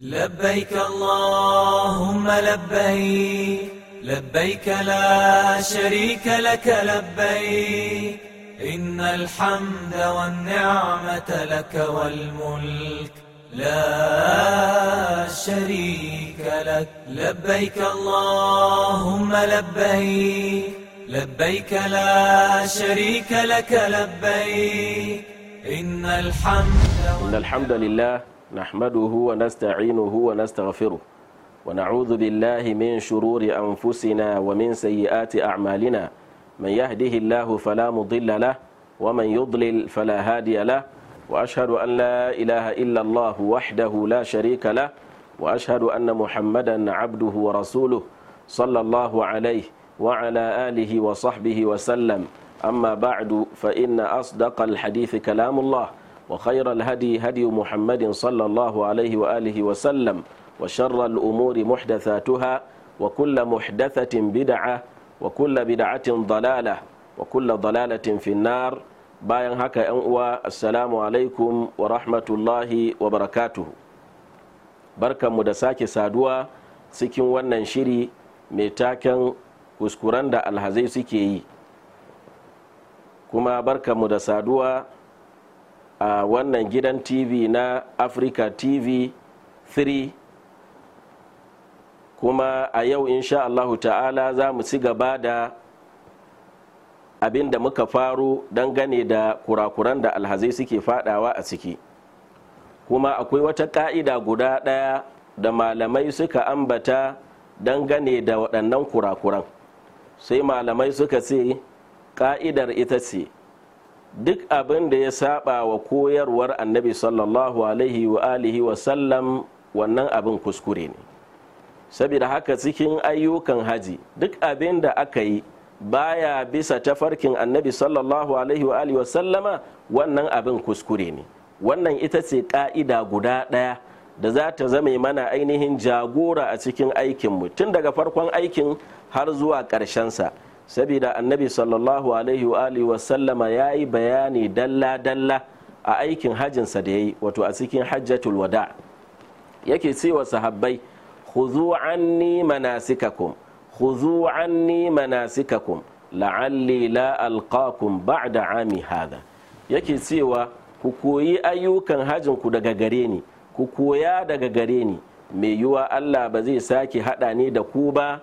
لبيك اللهم لبيك لبيك لا شريك لك لبيك إن الحمد والنعمة لك والملك لا شريك لك لبيك اللهم لبيك لبيك لا شريك لك لبيك إن الحمد إن الحمد لله نحمده ونستعينه ونستغفره ونعوذ بالله من شرور أنفسنا ومن سيئات أعمالنا من يهده الله فلا مضل له ومن يضلل فلا هادي له وأشهد أن لا إله إلا الله وحده لا شريك له وأشهد أن محمدا عبده ورسوله صلى الله عليه وعلى آله وصحبه وسلم أما بعد فإن أصدق الحديث كلام الله وخير الهدي هدي محمد صلى الله عليه وآله وسلم وشر الأمور محدثاتها وكل محدثة بدعة وكل بدعة ضلالة وكل ضلالة في النار bayan haka yan uwa assalamu alaikum wa rahmatullahi wa barakatuhu mu da sake saduwa cikin wannan shiri mai taken kuskuren da alhazai suke yi kuma mu da saduwa a wannan gidan tv na africa tv 3 kuma a yau insha Allahu ta'ala za mu ci gaba da abin da muka faro dangane da kurakuran da alhazai suke fadawa a ciki kuma akwai wata ka'ida guda ɗaya da malamai suka ambata dangane da waɗannan kurakuran sai malamai suka ce ka'idar ita ce duk abin da ya saba wa koyarwar annabi sallallahu alaihi wa alihi wa sallam wannan abin kuskure ne saboda haka cikin ayyukan haji duk abin da aka yi baya bisa tafarkin annabi sallallahu alaihi wa alihi wa sallama wannan abin kuskure ne wannan ita ce ka'ida guda ɗaya da za ta zame mana ainihin jagora a cikin aikinmu tun daga farkon aikin har zuwa ƙarshensa. sa saboda annabi sallallahu alaihi wa alihi wasallama ya yi bayani dalla-dalla a aikin hajjinsa da ya wato a cikin hajjatul wada yake cewa sahabbai khudhu anni manasikakum khudhu anni manasikakum la'alli la alqakum ba'da ami hadha yake cewa ku koyi ayyukan hajjin ku daga gare ni ku koya daga gare ni mai yiwa Allah ba zai sake hada ni da ku ba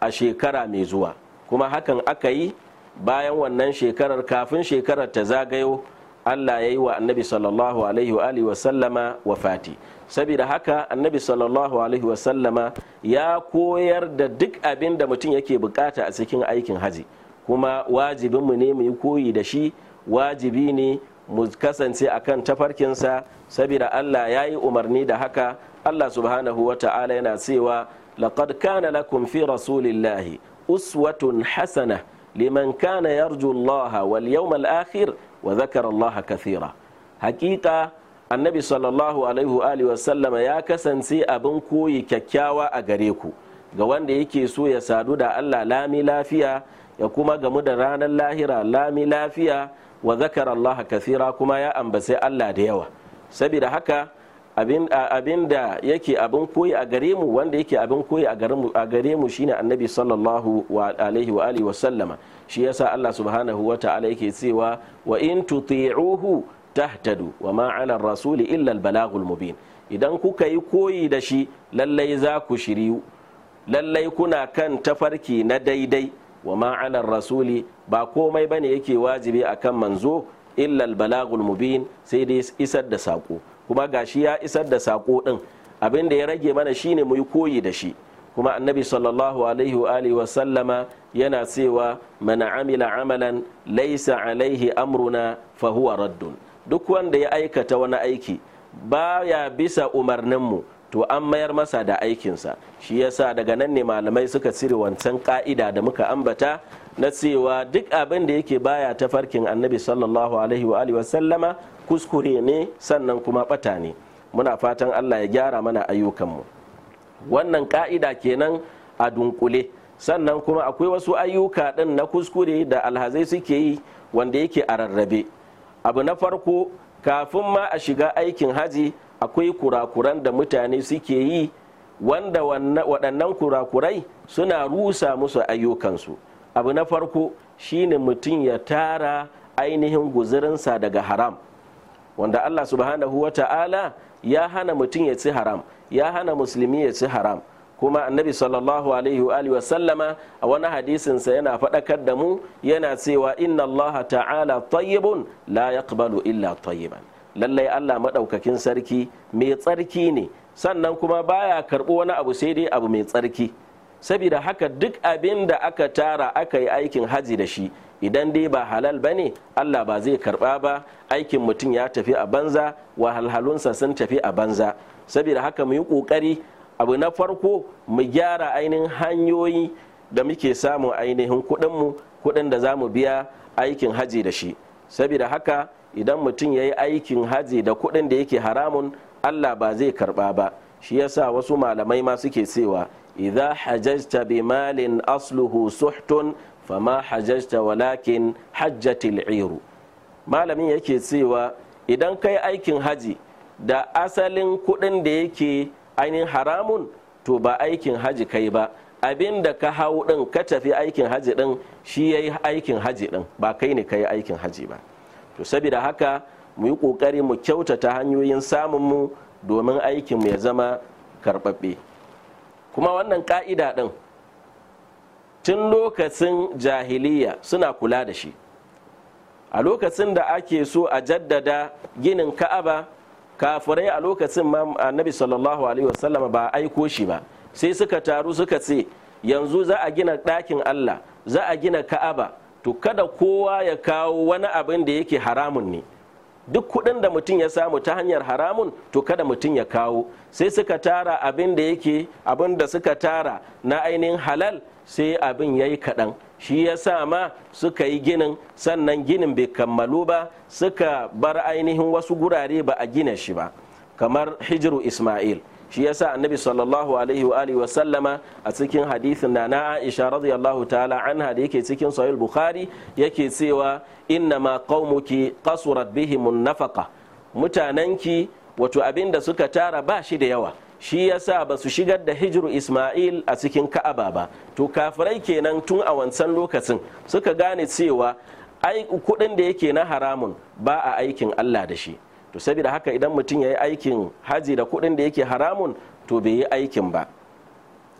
a shekara mai zuwa kuma hakan aka yi bayan wannan shekarar kafin shekarar ta zagayo Allah ya yi wa annabi sallallahu alaihi wa alihi wasallama Fati saboda haka annabi sallallahu alaihi wasallama ya koyar da duk abin da mutum yake bukata a cikin aikin haji kuma wajibinmu ne mu yi koyi da shi wajibi ne mu kasance a kan tafarkinsa saboda Allah ya yi umarni da haka Allah subhanahu wa ta'ala yana cewa laqad kana lakum fi rasulillahi uswatun hasana liman kana yarju Allah wal yawmal akhir wa zakara Allah kathira hakika annabi sallallahu alaihi wa sallam ya kasance abin koyi kyakkyawa a gare ku ga wanda yake so ya sadu da Allah lami lafiya ya kuma gamu da ranar lahira lami lafiya wa zakara Allah kathira kuma ya ambace Allah da yawa saboda haka abin da yake abin koyi a gare mu wanda yake abin koyi a gare mu shine annabi sallallahu alaihi wa alihi wasallama shi yasa Allah subhanahu wa ta'ala yake cewa wa in tuti'uhu tahtadu wa ma 'ala rasuli illa al balaghul mubin idan kuka yi koyi da shi lallai za ku shiriyu lallai kuna kan tafarki na daidai wa ma 'ala rasuli ba komai bane yake wajibi akan manzo illa al balaghul mubin sai dai isar da sako kuma ga shi ya isar da sako din abin da ya rage mana shine mu yi koyi da shi kuma annabi sallallahu alaihi wa alihi wa sallama yana cewa man amila amalan laisa alaihi amruna fa huwa raddun duk wanda ya aikata wani aiki baya bisa umarnin mu. to an mayar masa da aikinsa shi yasa daga nan ne malamai suka cire wancan ka'ida da muka ambata na cewa duk abin da yake baya ta farkin annabi sallallahu alaihi wa alihi sallama kuskure ne sannan kuma bata ne muna fatan allah ya gyara mana ayyukanmu wannan ka'ida kenan a dunkule sannan kuma akwai wasu ayyuka ɗin na kuskure da alhazai suke yi wanda yake a rarrabe abu na farko kafin ma a shiga aikin haji akwai kurakuran da mutane suke yi wanda waɗannan kurakurai suna rusa musu ayyukansu abu na farko shine mutum ya tara ainihin guzurinsa daga haram wanda Allah subhanahu wa ta'ala ya hana mutum ya ci haram ya hana musulmi ya ci haram kuma annabi sallallahu alaihi wa sallama a wani hadisin sa yana faɗakar da mu yana cewa inna Allah ta'ala tayyibun la yaqbalu illa tayyiban lallai allah maɗaukakin sarki mai tsarki ne sannan kuma baya karɓo wani abu sai dai abu mai tsarki saboda haka duk abin da aka tara aka yi aikin haji da shi idan dai ba halal ba ne allah ba zai karba ba aikin mutum ya tafi a banza wahalhalunsa sun tafi a banza saboda haka mu yi ƙoƙari abu na farko mu gyara ainihin hanyoyi da muke samun ainihin kudinmu kudin da za mu biya aikin haji da shi saboda haka idan mutum ya yi aikin haji da kudin da yake haramun allah ba zai karba ba shi yasa wasu malamai ma suke cewa idza hajajta bi malin asluhu suhtun fama hajjajta walakin hajjatil iru malamin yake cewa idan kai aikin haji da asalin kuɗin da yake ainihin haramun to ba aikin haji kai ba abin da ka hau ɗin ka tafi aikin haji ɗin shi ya yi aikin haji ɗin ba kai ne ka yi aikin haji ba to saboda haka mu yi ƙoƙari mu kyautata hanyoyin samunmu domin aikinmu ya zama karɓaɓɓe kuma wannan ƙa'ida ɗin tun lokacin jahiliya suna kula da shi a lokacin da ake so a jaddada ginin ka'aba kafirai a lokacin annabi sallallahu alaihi wasallam ba a aiko shi ba sai suka taru suka ce yanzu za a gina ɗakin allah za a gina ka'aba to kada kowa ya kawo wani abin da yake haramun ne duk kuɗin da mutum ya samu ta hanyar haramun to kada mutum ya kawo sai suka tara abin da yake abin da suka tara na ainihin halal sai abin ya yi kaɗan shi ya sa ma suka yi ginin sannan ginin bai kammalu ba suka bar ainihin wasu gurare ba a gina shi ba kamar hijiru ismail shi yasa annabi sallallahu alaihi wa alihi wa sallama a cikin hadithin da na Aisha radiyallahu ta'ala anha da yake cikin sahih bukhari yake cewa inna ma qaumuki qasurat bihimun nafaqa mutananki wato abin da suka tara ba shi da yawa shi yasa ba su shigar da hijiru Ismail a cikin Ka'aba ba to kafirai kenan tun a wancan lokacin suka gane cewa ai kudin da yake na haramun ba a aikin Allah da shi to saboda haka idan mutum ya yi aikin haji da kuɗin da yake haramun to bai yi aikin ba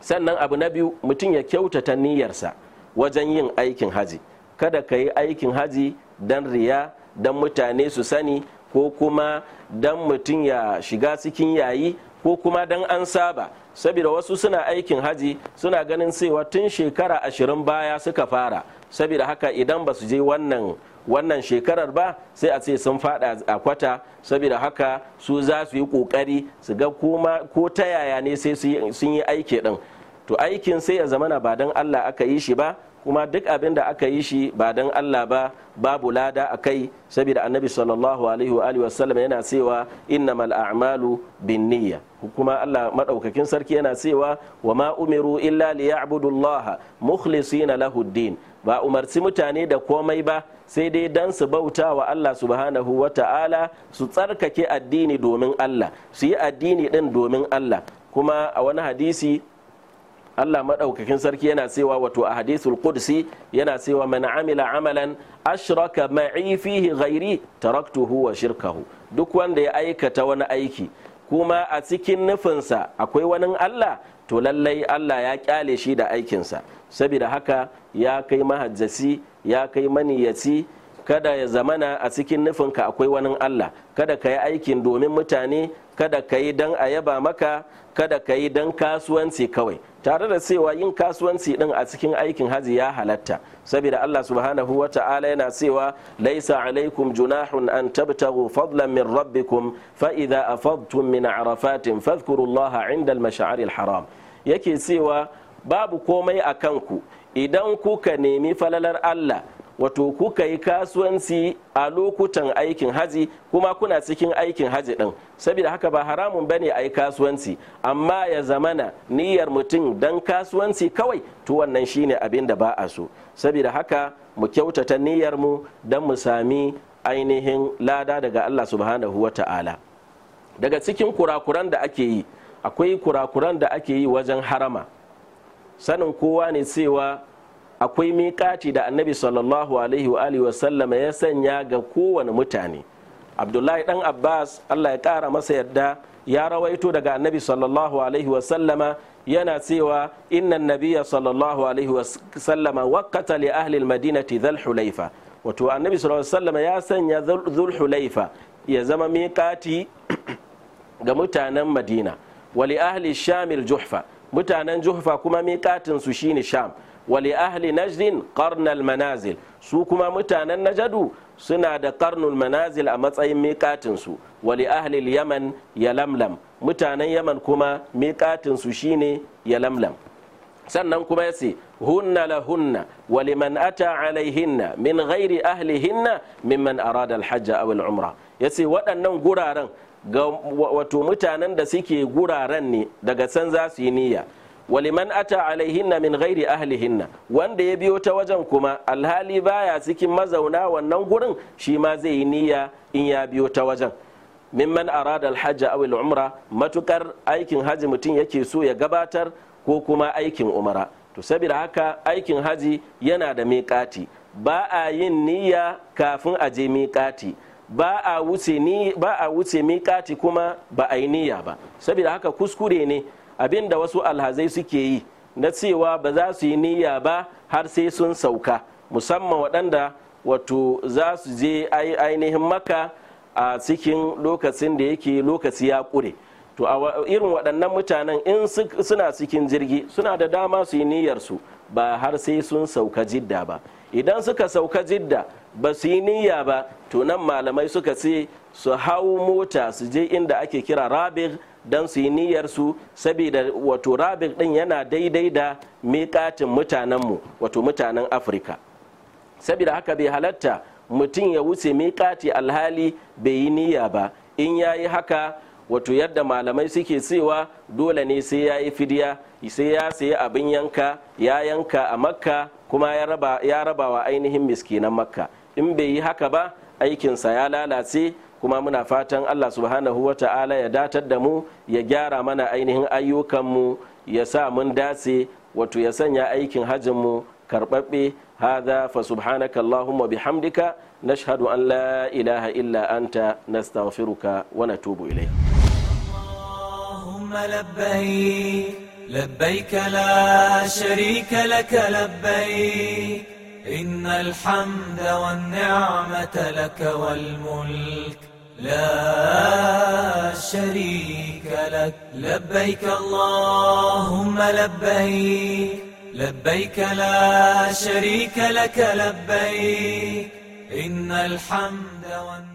sannan abu na biyu mutum ya kyautata niyyarsa wajen yin aikin haji kada ka yi aikin haji don riya don mutane su sani ko kuma don mutum ya shiga cikin yayi ko kuma don an saba saboda wasu suna aikin haji suna ganin cewa tun shekara ashirin baya suka fara saboda haka idan ba su je wannan wannan shekarar ba sai a ce sun fada a kwata saboda haka su za su yi kokari su ga ko ta yaya ne sai sun yi aiki din to aikin sai ya zamana ba don allah aka yi shi ba kuma duk abin da aka yi shi ba don Allah ba babu lada a kai saboda annabi sallallahu alaihi wa alihi wasallam yana cewa innamal a'malu binniyya kuma Allah madaukakin sarki yana cewa wa ma umiru illa liya'budullaha mukhlisina lahu din ba umarci mutane da komai ba sai dai dan su bauta wa Allah subhanahu wa ta'ala su tsarkake addini domin Allah su yi addini din domin Allah kuma a wani hadisi Allah madaukakin sarki yana cewa wato a hadithul qudsi yana cewa man amila amalan ashraka ma'i fihi ghairi taraktuhu wa shirkahu duk wanda ya aikata wani aiki kuma a cikin nufinsa akwai wani Allah to lallai Allah ya kyale shi da aikinsa saboda haka ya kai mahajjasi ya kai maniyaci kada ya zamana a cikin nufinka akwai wani Allah kada ka yi aikin domin mutane kada ka yi don a yaba maka kada ka yi don kasuwanci kawai tare da cewa yin kasuwanci din a cikin aikin haji ya halatta saboda Allah subhanahu wa ta'ala yana cewa laisa alaikum junahun an tabtagu fadlan min rabbikum fa idza afadtum min arafatin fadhkurullaha inda al-mash'aril haram yake cewa babu komai a kanku idan kuka nemi falalar Allah wato kuka yi kasuwanci a lokutan aikin haji kuma kuna cikin aikin haji din saboda haka ba haramun bane a yi kasuwanci amma ya zamana niyyar mutum don kasuwanci kawai to wannan shine abin da ba a so saboda haka mu kyautata niyyar mu don mu sami ainihin lada daga Allah subhanahu wa ta'ala daga cikin kurakuran da ake yi akwai kurakuran da ake yi wajen harama sanin kowa ne cewa akwai miƙaci da annabi sallallahu alaihi wa alihi wasallama ya sanya ga kowane mutane abdullahi dan abbas allah ya ƙara masa yadda ya rawaito daga annabi sallallahu alaihi wasallama yana cewa inna nabiya sallallahu alaihi wasallama wakkata li ahli almadinati dhul hulaifa wato annabi sallallahu alaihi wasallama ya sanya dhul hulaifa ya zama miƙati ga mutanen madina li ahli shamil juhfa mutanen juhfa kuma miƙatin su shine sham wali ahli najdin karnal manazil su kuma mutanen najadu suna da karnul manazil a matsayin miƙatinsu wali ahlil yaman ya lamlam mutanen yaman kuma miƙatinsu shine ya lamlam sannan kuma ya ce hunna la hunna wali man ata alaihinna min ghairi ahlihinna mimman arada alhajja aw umra ya ce waɗannan guraren ga wato mutanen da suke guraren ne daga san za su yi niyya waliman ata alaihinna min ghairi ahlihinna wanda ya biyo ta wajen kuma alhali baya cikin mazauna wannan gurin shi ma zai yi niyya in ya biyo ta wajen mimman arada alhajj aw umra matukar aikin haji mutum yake so ya gabatar ko kuma aikin umara to saboda haka aikin haji yana da miƙati ba a yin niyya kafin a je miƙati ba a wuce miƙati kuma ba a yi niyya ba saboda haka kuskure ne abin da wasu alhazai suke yi na cewa ba za su yi niyya ba har sai sun sauka musamman waɗanda wato za su je ainihin maka a cikin lokacin da yake lokaci ya ƙure to a irin waɗannan mutanen in suna cikin jirgi suna da dama su yi niyyarsu ba har sai sun sauka jidda ba idan suka sauka jidda ba su yi niyya ba to nan malamai suka ce su hau mota su je inda ake kira rabir don su yi niyyar su saboda wato rabir din yana daidai da miƙatin mutanenmu wato mutanen afirka saboda haka bai halatta mutum ya wuce miƙati alhali bai yi niyya ba in ya yi haka wato yadda malamai suke cewa dole ne sai ya yi fidiya sai ya sayi abin yanka ya yanka a makka kuma ya raba wa ainihin miskinan makka in bai yi haka ba aikinsa ya lalace kuma muna fatan allah subhanahu wa ta'ala ya datar da mu ya gyara mana ainihin ayyukanmu ya sa mun dace wato ya sanya aikin hajjinmu karɓaɓɓe هذا فسبحانك اللهم وبحمدك an أن لا إله إلا أنت نستغفرك ونتوب إليك اللهم لبيك لبيك لا شريك لك لبيك إن الحمد والنعمة لك والملك لا شريك لك لبيك اللهم لبيك لبيك لا شريك لك لبيك إن الحمد والنعمة